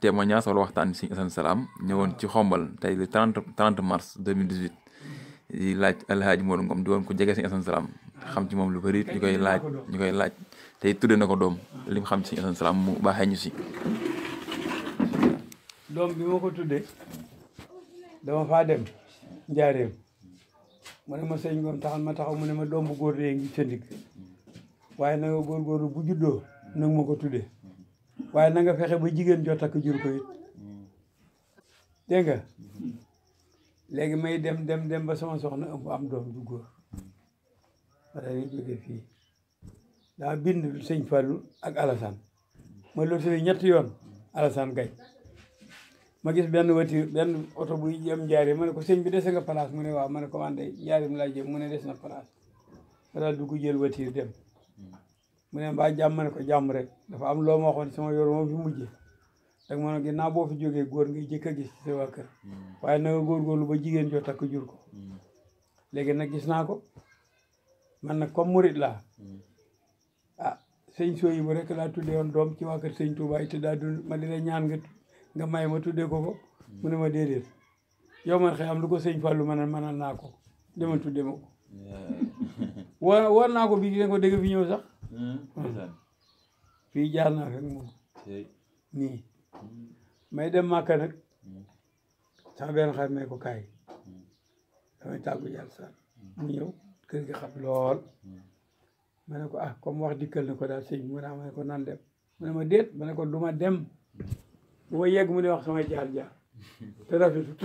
témoignage wala waxtaan si Assane Salam ñëwoon ci xombal tey le 30 30 mars 2018 di laaj El Hadj Modou Ngom di woon ko jege si Assane Salam xam ci moom lu bëri ñu koy laaj ñu koy laaj tey tudde na ko doom li xam ci Assane Salam mu baaxee ñu si. doom bi ko tudde dama faa dem njaareem mu ne ma sëñ Ngom taxal ma taxaw mu ne ma doom bu góor dee ngi sa ndig waaye na nga góorgóorlu bu juddoo nag ma ko tuddee. waaye na nga fexe ba jigéen joo takk jur ko it nga léegi may dem dem dem ba sama soxna ëmb am doom du góor ma daal di fii daa bind sëñ Fallou ak Alassane ma loolu si ñetti yoon Alassane Gaye ma gis benn voiture benn oto buy jëm Njaaréem ma ne ko sëñ bi dese nga place mu ne waaw ma ne commandé Njaaréem laa jëm mu ne des na place ma daal dugg jël voiture dem mu ne mbaa jàmm ne jàmm rek dafa am loo ma waxoon sama yoon moom fi mujjee dag ma ne ginnaaw boo fi jógee góor nga jëkk a gis ci hmm. waaye na góorgóorlu ba jigéen joo takk jur ko hmm. léegi nag gis naa ko man nag comme murit laa hmm. ah sëñ soo woon doom ci waa kër sëñ Touba te daa dund ñaan nga nga may ma tuddee ko ko mu ne ma déedéet yow ma xëy am lu ko sëñ Fallou ma ne mënal naa ko demal tuddee ma ko war war naa ko bi dina ko dégg fi ñëw sax Hmm, ah. fii jaar naa fekk moom nii hmm. may dem Màkka nag hmm. sama benn xar may ko kaay damay tàggu yàlla san mu ñëw kër gi xam lool ma ne ko ah comme wax dikkal na ko daal sëñ mu naa ah, ma ne ko nan dem mu ma déet ma ko du ma dem bu ma mu ne wax samay jaar jaar te rafetut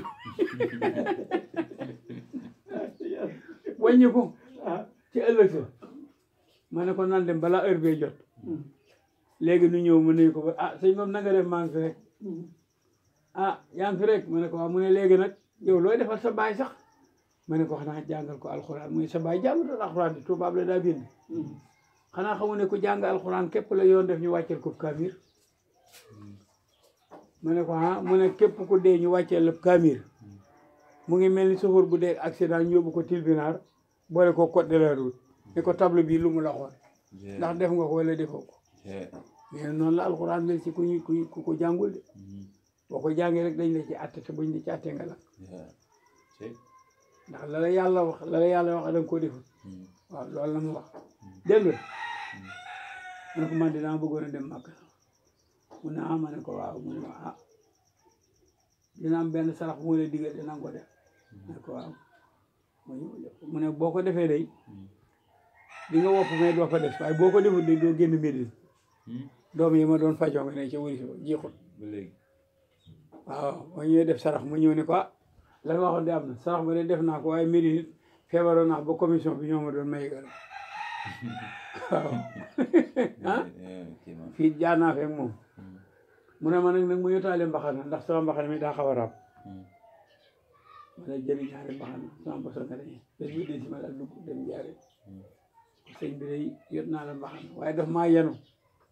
wàññi ah, ci ëllëg ma ne ko dem balaa heure bee jot léegi nu ñëw mu nuyu ko ba ah moom na nga def maa ngi fi ah yaa rek ma mu ne léegi nag yow looy defal sa baay sax ma ne ko xanaa jàngal ko alxuraan muy sa baay jàngatul alxuraan di tubaab la daa xanaa xamu ne ku jàng alxuraan képp la yoon def ñu wàcceel ko kaamir ne ko ah, mu ne képp ku dee ñu wàcceel la kaamir mu ngi mel ni sofoor bu dee accident ñu yóbbu ko tilbinaar boole ko code ni ko table bii lu mu la ndax def nga ko wala defoo ko mais noonu la alxuraan mel ku ñu ku ko jàngul de mm-hmm. boo ko jàngee rek dañ la ci àtte te buñ la ci àttee nga ndax la yàlla wax la la yàlla wax da ko koo deful mm-hmm. waaw loolu la mu wax dégg nga mu ne ko man de dama bëggoon a dem Makka mu ne ah ma ko waaw mu ne ah. benn sarax bu ma la mm-hmm. boo ko defee day dinga nga wopp mais doo ko def waaye boo ko defut doo génn Médina hmm? doom yi ma doon fajoo nga ne ci wuri si waaw ma def sarax mu ñëw ni ko ah la nga def naa ko waaye Médina feebaroon naa ba commision bi ñoo ma doon may gar waaw ah? eh, fii jaar naa feeg moom hmm. mu ne ma nag nag mu yotaale mbaxana ndax sama mbaxane mi daa xaw a raam hmm. ma ne jëri ñaari mbaxana sama boso nga dañe bés bu dee si ma daal dugg dem jaare sëñ bi day yot naa la mbaxam waaye daf maa yenu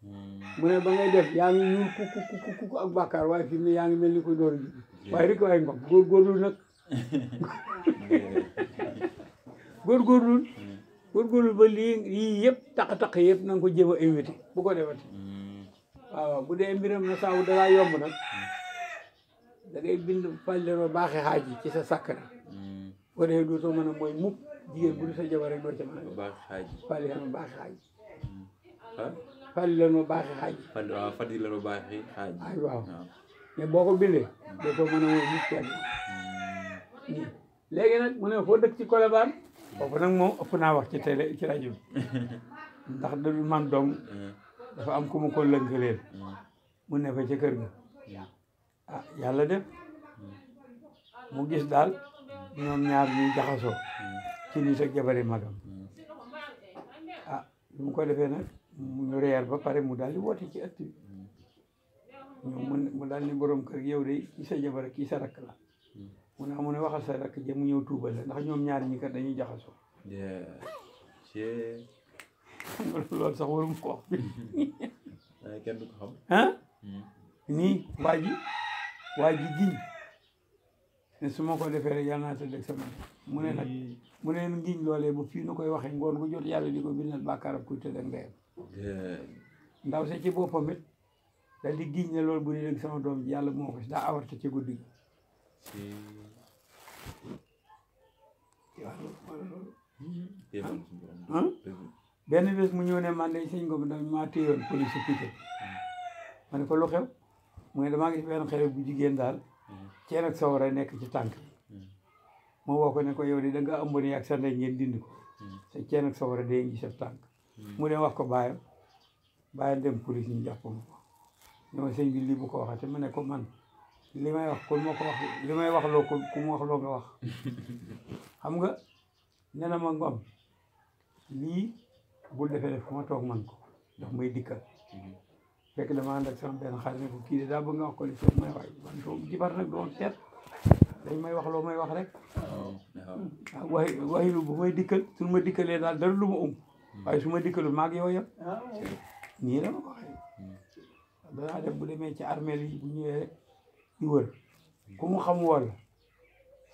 hmm. mu ne ba ngay def yaa ngi ñuul ku ak bàkkaar waaye fi mu yaa ngi mel ni koy dooru ji waaye rek waaye ngom góorgóorlu nag góorgóorlu góorgóorlu hmm. ba lii yii yëpp taq-taq yëpp na ko jéem a évité bu ko defati hmm. waaw bu dee mbiram na saabu dalaa yomb nag da ngay bind fàlleroo baaxee xaaj yi ci sa sàkkara bu ko defee dootoo mën a jigéen bu dul sa jabar rek doo ca mën a. baax xaaji fàlli lan baax xaaji. Hmm. ah fàlli lan ma baax xaaji. fàlli boo ko bindee doo ko hmm. léegi nag mu ne foo dëkk ci Colobane. foofu nag moom ëpp naa wax ci télé ci rajo bi. du man hmm. am ku ma mu ne fa kër gi ah yàlla def. mu gis daal ñoom ñaar ñuy jaxasoo. ci lii ak jabari magam hmm. a ah, lu mu ko defee nag mu reer ba pare mu daal di woote ci ëtt bi hmm. mu daal ni borom kër yow de kii sa jabar kii sa rakk la hmm. mu ne amu ah, ne waxal sa rakk ja mu ñëw tuubal la ndax ñoom ñaar ñi kat dañuy jaxasoo loolu sax warum ko wax bi kenn du ko su ma ko defee rek yàlla naa tëdd ak sama mu ne nag mu ne ngiñ loolee bu fii nu koy waxee ngoon gu jot yàlla di ko bindal bàkkaar ak kuy tëdd ak ndeyam ndaw sa ci boppam it daal di giñ ne loolu bu dee sama doom ji yàlla moo ko si daa ah? mu ñëw ne man day sëñ hmm. ko bi dama ne damaa gis benn xale bu jigéen daal ceen ak soow rek nekk ci tànk bi mu hmm. woo ko ne ko yow de danga nga ëmb ak sa ngeen dindi ko hmm. sa ceen ak soow rek day ngi sa tànk hmm. mu dem wax ko baayam baayam dem police ñu jàpp ko ne ma sëñ bi lii bu ko waxate ma ne ko man li may wax ku ma ko wax li may wax loo ko wax loo nga wax xam nga nee na ma ngom lii bul defee def ma toog man ko ndax may dikka fekk dama ànd ak sama benn xarit ne ko kii de daa bëgg nga wax ko li seet may waay dañ may wax loo may wax rek oh, waaw wax ah, waxi bu may dikkal su ma dikkalee daal dara lu ma um hmm. waaye su ma dikkalul maag yow yëpp ah, nii la ma ko waxee hmm. bu demee ci armeel yi bu ñëwee rek xam woon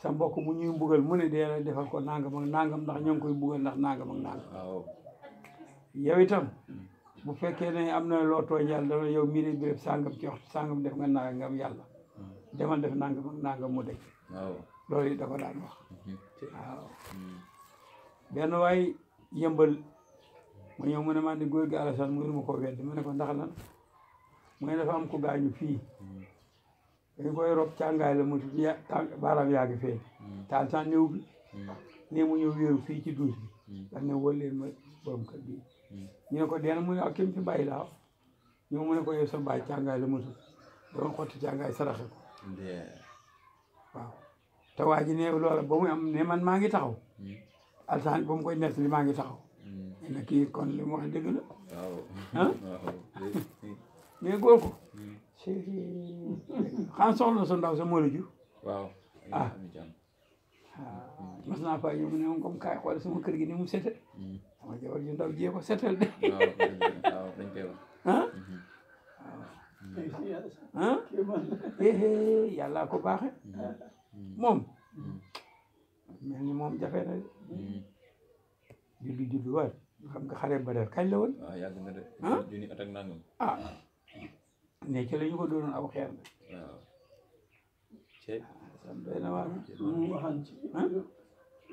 sa mbokk mu ñuy mbugal mu ne defal ko nangam ak ndax ñoo ngi koy mbugal ndax nangam ak nangam itam hmm. bu fekkee ne am na loo tooñ yàlla dana yow mii de béréb sàngam ci waxtu sàngam def nga nangam yàlla hmm. demal def nangam ak nangam mu dëkk loolu it da ko daan wax waaw hmm. benn waay yëmbal mu ñëw mu ne man di góor gi Alassane mu ma ko wedd mu ne ko ndax lan mu ne am ko gaañu fii hmm. dañ koy rob càngaay la mu baaraam yaa ngi fee te Alassane ñëw bi ne mu ñëw wéeru fii ci duus bi ne wóor ma borom kër bi ñu ne ko dee mu ne ak kim fi bàyyi laaw ñoo mu ne ko yow sa bàyyi càngaay la mosul doon xotti càngaay saraxe ko waaw te waa ji ne loola ba muy am ne man maa ngi taxaw hmm. alsaan ba mu koy nett li maa ngi taxaw hmm. ne kii kon li mu wax dëgg la ah mais góor ko hmm. xan soxla sa ndaw sa moo la ah. ah mas naa fa ñëw mu ne moom comme kaay xool sama kër gi ni mu sete sama jabar ju ndaw jiyee ko de. dañ koy mm. ah. ah. yàlla ko baax moom. mel ni moom jafe na. julli julli waay xam nga xare Badar kañ la woon. waaw yàgg na de. ah junni ne ci la ñu ko doonoon aw xeer la. waaw.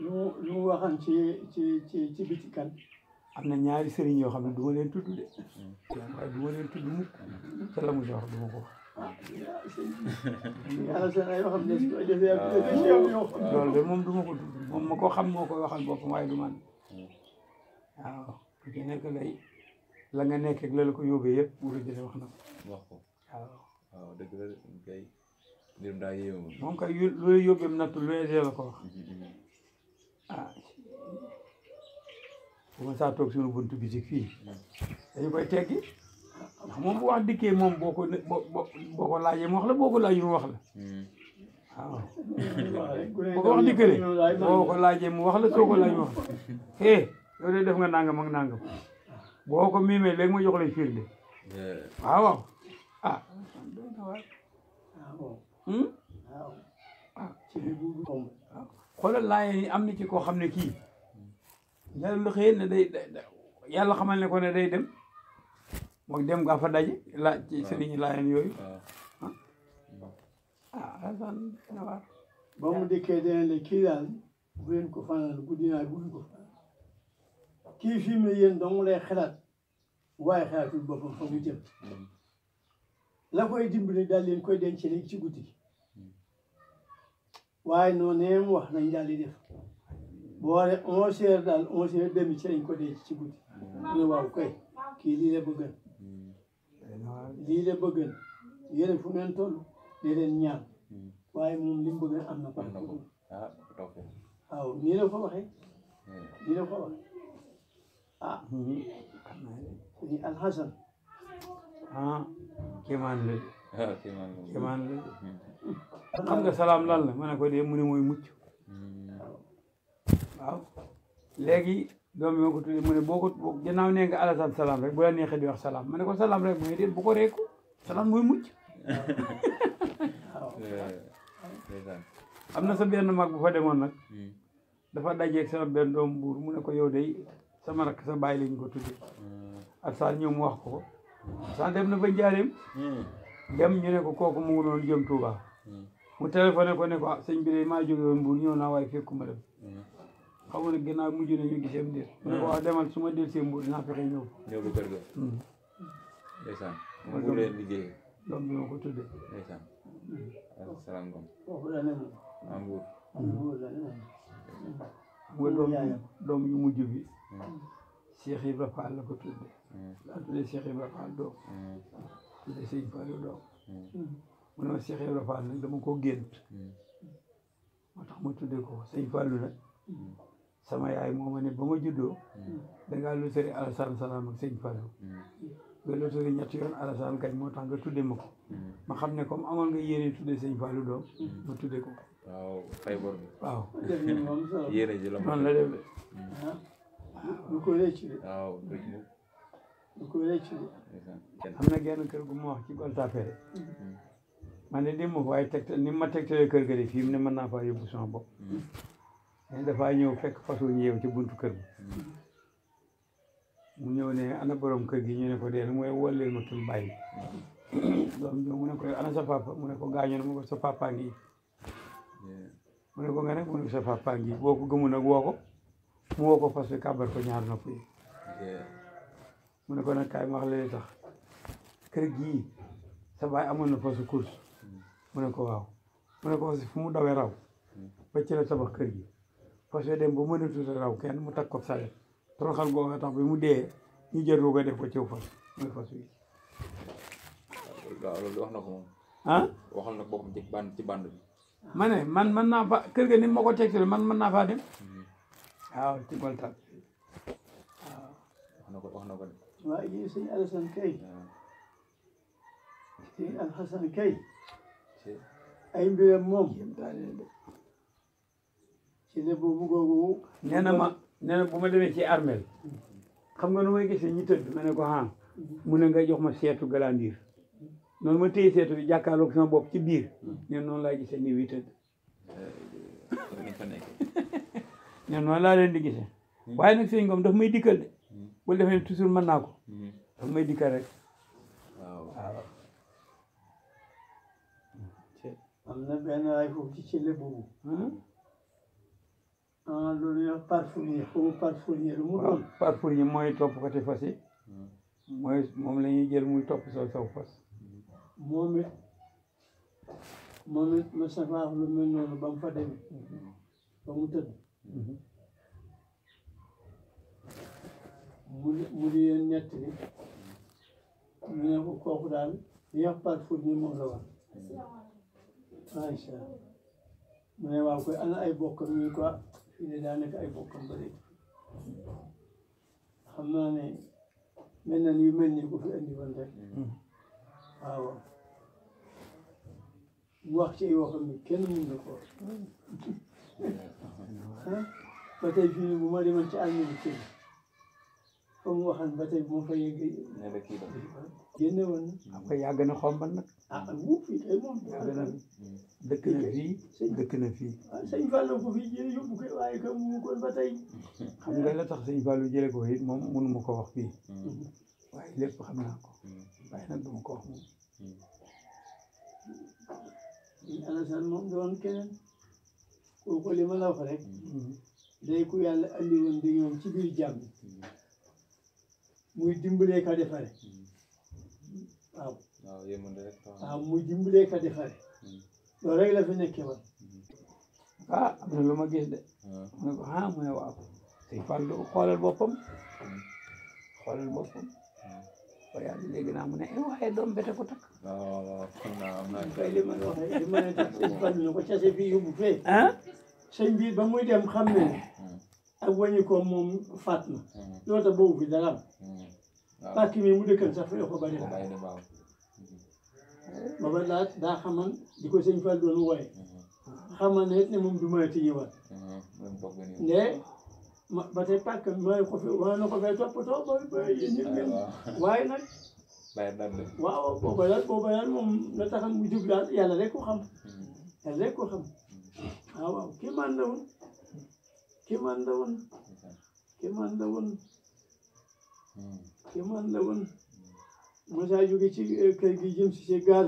lu lu mu waxan ci ci ci ci biti am na ñaari sëriñ yoo xam ne du leen tudd de waaye du tudd mukk ca la mu jox du ko wax yàlla ay yoo moom du ko tudd moom ma ko xam moo koy waxal boppam waaye du man hmm. waaw nekk lay la nga nekk ak ko yóbbee yëpp wax na ko ko dëgg la kay moom kay lu yóbbeem nattu lu ne dee la ko wax hmm, hmm, ah bu ma saa toog suñu buntu bi si fii dañu koy teggi ndax moom bu wax dikkee moom boo ko boo ko laajee mu wax la laajee mu wax la ko laajee mu wax la soo ko def nga nangam ak nangam boo ko miimee léegi ma jox la firnde waaw waaw ah hmm? ah xoolal laayeen yi am na ci koo xam ne kii yàlla lu xëy ne day yàlla xamal ne ko ne day dem moom dem nga fa daje la ci sëriñi laayeen yooyu ah sanawaa ba mu dikkee denen le kii daal bu leen ko fanaan guddi naa guddi ko kii fi mu ne yéen dong lay xalaat waaye xalaatul boppam fa mu jëm la koy dimbali daal leen koy denc léegi ci guddi waaye noonu wax nañ daal di def boo waree onze heures daal onze demi ci lañ ko denc ci guddi mu ne waaw kii lii la bëggan lii la bëggan yéen fu ngeen toll di leen ñaan waaye moom li mu bëggan am na parce ah, que waaw nii la ko waxee nii la ko waxee ah hmm. ni alxasan ah Ah, kéemaan la nga salaam lan la ma ne ko dee mu ne muy mucc hmm. waaw léegi doom bi ma ko tuddee mu ne boo ko gannaaw nee nga alasan salaam rek bu la neexee di wax salaam ma ne ko salaam rek mooy déet bu ko reeku salaam mooy mucc eh, am na sa benn mag bu fa demoon nag hmm. dafa dajeeg sama benn doom buur mu ne ko yow day sama rakk sa bàyyi lañ ko tuddee hmm. ak saa ñëw wax ko ko dem na ba njaareem dem ñu ne ko kooku mu ngi doon jëm Touba mu téléphoné ko ne ko ah maa jóge woon Mbour naa waaye fekkuma dem xam nga nag gannaaw mujj na ñu gisee mbir mu ne ko wax ah, demal su del see Mbour dinaa fexe ga hmm. ndeysaan mu leen liggéey doom bi ma a Mbour mu hmm. doom doom yu mujj bi hmm. Cheikh Ibra Fall la ko tudde laa tudde Cheikh Ibra Fall doom day sëñ doom mu ne ma Cheikh Ibrahima nag dama ko gént hmm. moo tax ma tuddee ko sëñ Fallou nag hmm. sama yaay moo ma ne ba ma juddoo hmm. dangaa lotari Alassane Salam ak sëñ Fallou nga lotari ñetti yoon Alassane kañ moo tax nga tuddee ma ko ma xam ne comme amoon nga yéene tuddee sëñ Fallou doom ma tuddee ko waaw fay bor bi waaw yéene ji la noonu la ah, ko rëcc lu ko rëccu am na genn kër gu ma ci golta fere man de démb waaye tegtal ni ma tegtalee kër ga fii mu ne mën naa faa yóbbu sama bopp mais dafaa ñëw fekk fasu ñëw ci buntu kër mu ñëw ne ana borom kër gi ñu ne ko dee lu mooy wol leen ma kim bàyyi doom ñëw mu ne ko ana mu ne gaañu na mu sa papa ngi mu ne ko nga ne ko sa papa ngi boo ko gëmu nag woo ko mu woo ko fas bi kàbbar ñaar nopp mu ne ko nag kaay ma wax la tax kër gii sa amoon na fa su course mu ne ko waaw mu ne ko aussi fu mu dawee raw ba ci la kër gi parce que dem ba mënatul raw kenn mu takk ko saret toroxal googu tax bi mu dee ñu jël ruuga def ko ciw fas muy fas wi waaw loolu wax na ko moom ah waxal na boppam ci band ci band bi ma ne man mën naa fa kër ga ni ma ko tegtal man mën naa faa dem mm-hmm. waaw ci goltal ko wax na ko waaw yii sëñ Alassane kay sëñ Alassane kay ay mbiram moom ci ne boobu googu nee ma nee bu ma demee ci armeel xam nga nu may gisee ñi tëdd ma ne ko ah mu ne nga jox ma seetu galandiir noonu ma téye seetu bi jàkkaarloog sama bopp ci biir ne noonu laa gisee ni wi tëdd noonu laa leen di gisee waaye nag sëñ Ngom daf may dikkal de bu defee toujours mën naa ko mhm. daf may dikka rek waaw am na benn waay foofu ci cële boobu hmm? ah loolu yow parfourier foofu parfourier lu mu doon parfourier mooy topp ko te fas yi hmm. mooy moom la ñuy jël muy topp soo saw fas moom it moom it Moustapha lu mel noonu ba mu fa demee hmm. ba mu tëdd mu di mu di yéen ñett bi ñu ne ko kooku daal yéex par foot ni moom la woon macha allah mu ne waaw koy ana ay bokkam ñu quoi ah, fii ne daa nekk ay bokkam ba léegi xam naa ne mel na yu mel nii ko fi andi woon rek waaw wax ci ay waxam ni mun na ko ba tey fii bu ma demoon ci àll bi comme waxoon ah, ko yàgg na xombal nag ah dëkk na dëkk na fii sëñ ah, Fallou ko fii tax sëñ Fallou jële ko it moom ko wax fii mm-hmm. waaye xam naa ko waaye nag mm-hmm. rek mm-hmm. day ku yàlla andi di ñoom ci biir jàmm muy dimbalee ka defare waaw waaw muy dimbalee ka defare hmm. loolu rek la fi nekkee man hmm. ah am na lu ma gis de hmm. mu ne ko ah mu ne waaw sëñ Fallu xoolal boppam xoolal boppam waaye léegi naa mu ne eh waaye doom bete ko takk waaw waaw xam naa am naa li ma la wax li ma la tax sëñ Fallu ne ko case bi yóbbu fee ah sëñ bi ba muy dem xam ne ak wàññi ko moom faat na loolu tax boobu fi dara am pàcc mi mu dëkkal sax daf ko bari ba ba laaj daa xaman di ko sëñ Fall doon wooye mm-hmm. xamal ne it ne moom du mënati mm-hmm. ñëwaat ne ma ba tey pàcc mooy ko fi wala na ko fay toppatoo ba ba yéen ñëpp ah, ngeen waaye nag waaw booba daal booba daal moom la taxam mu jub daal yàlla rek xam mm-hmm. yàlla rek xam ah, waaw waaw man la woon kii man la woon kii man la woon kéemaan la woon Moussa jóge ci eh, kër gi jëm si ci gaar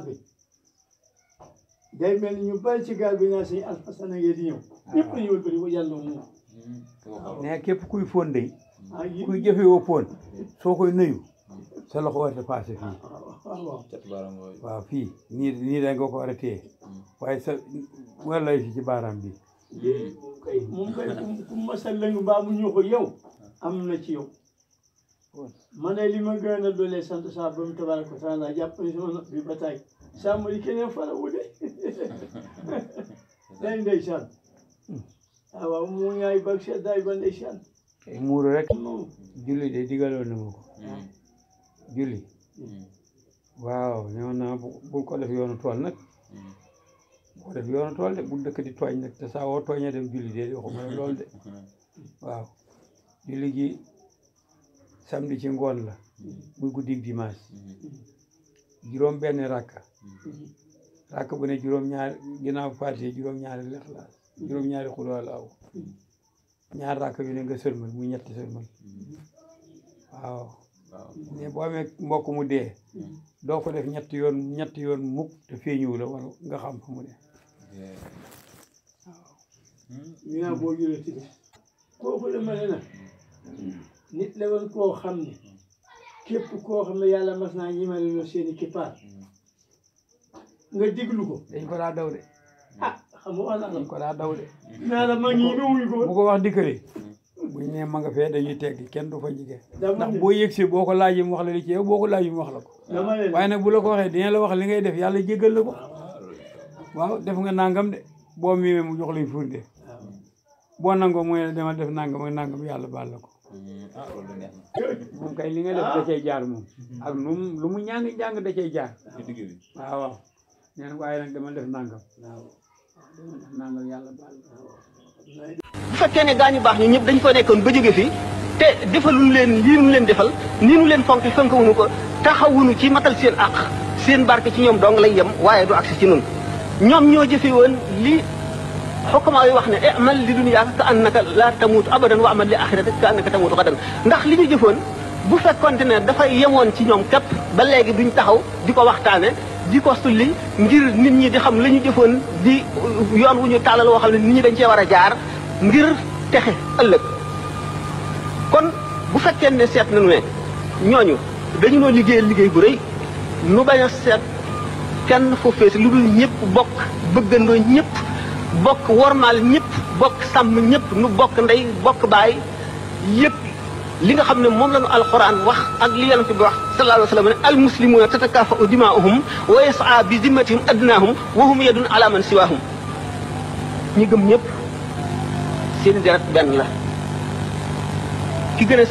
day mel ni ñu ba ci gaar bi naa sëñ Alfasana ngeen di ñëw ah. ñëpp dañu wëlbati ko yàlla moom mm-hmm. kuy fóon day ah, kuy jëfe woo fóon soo koy nuyu sa loxo war a passé fii ah, waaw fii nii nii ko war a téye mm-hmm. sa war lay fi ci baaraam bi moom kay ku masa lëngu mbaa mu ñëw ko am na ci yow ma e, ne li ma gën a doole sant saa ba mu tabaraka taala jàpp ne sama nopp ba taay saa mu di keneen fara wuute day ndeysaan waaw mu ñaay bag seddaay ba ndeysaan muuru rek julli de digaloon na ma julli waaw ñëw naa bul ko def yoonu tool nag bu ko def yoonu tool de bu dëkk di tooñ nag te woo tooñee dem julli de waxuma loolu de waaw julli gi samedi ci ngoon la muy guddi dimanche juróom benn rakka rakk bu ne juróom ñaari ginnaaw fàtte juróom ñaari lexlaas juróom ñaari xulwalaaw ñaar rakk yu ne nga sërmal muy ñetti sërmal waaw ne boo amee mbokk mu dee doo ko def ñetti yoon ñetti yoon mukk te feeñuwu la war nga xam fu mu ne waaw ñu naa boo julee ci kooku la nit la woon koo xam ne képp koo xam ne yàlla mas naa ñemale loo seeni kippaar nga déglu ko. dañ ko daa daw de. ah ko daa daw de. la ko. bu ko wax dikkëri buñ ne ma nga fee dañuy teg kenn du fa jige ndax boo yëgsee boo ko laajee mu wax la li ci boo ko laaj mu wax la ko. waaye nag bu la ko waxee dina la wax li ngay def yàlla jéggal la ko. waaw def nga nangam de boo miimee mu jox lay fur de boo nangoo mooy demal def nangam ak nangam yàlla baal la ko. Ah. mom kay li nga def da cey jaar mom ah. ak lu lu mu ñang njàng da cey jaar waaw waaw nee na waaye dama def nangam waaw dama def nangam yàlla baal bu fekkee ne gaañu baax ñi ñëpp dañ ko nekkon ba jóge fi te defaluñu leen li nu leen defal ni nu leen fonk fonk fonkawuñu ko taxawuñu ci matal seen ak seen barke ci ñom dong lay yam waye du agsi ci ñun ñom ñoo jëfe woon lii حكم اي واخنا اعمل لدنيا كانك لا تموت ابدا واعمل لاخرتك كانك تموت غدا ندخ لي جيفون بو فكونت نه دا فا يمون سي نيوم كاب با لغي دون تاخو ديكو واختانه ديكو سولي ندير نيت ني دي خام لا ني جيفون دي يون وني تالال و خامل نيت ني دنجي ورا جار ندير تخي الك كون بو فكين نه سيت نو نه ñooñu dañu no liggéey liggéey bu rëy nu baña seet kenn fu fees lu dul ñëpp bokk bëggandoo ñëpp bokk wormaal ñëpp bokk sàmm ñëpp nu bokk ndey bokk baay yëpp li nga xam ne moom la nu alxuraan wax ak li yonent bi wax sallallahu alayhi wa sallam ne almuslimuuna tatakaafa'u dimaa'uhum wa yas'a bi zimmatihim adnaahum wa hum yadun ala man siwaahum ñi gëm ñëpp seen deret benn la ki gën a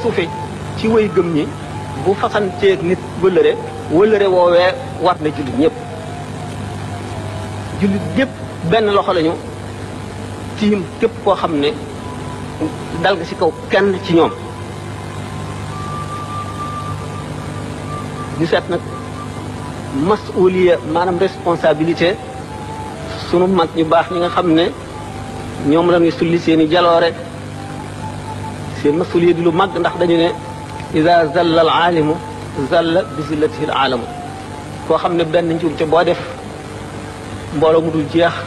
ci way gëm ñi bu fasanteeg nit wëllëre wëllëre woowee war na jullit ñëpp jullit ñëpp benn loxo lañu tiim képp koo xam ne dal nga ci kaw kenn ci ñoom lu seet nag masuliya maanaam responsabilité sunu mag ñu baax ñi nga xam ne ñoom la ñuy sulli seen i jaloore seen masuliya di lu mag ndax dañu ne ida la al aalimu zalla bi zillatihi al aalamu koo xam ne benn njuum te boo def mbooloo mu jeex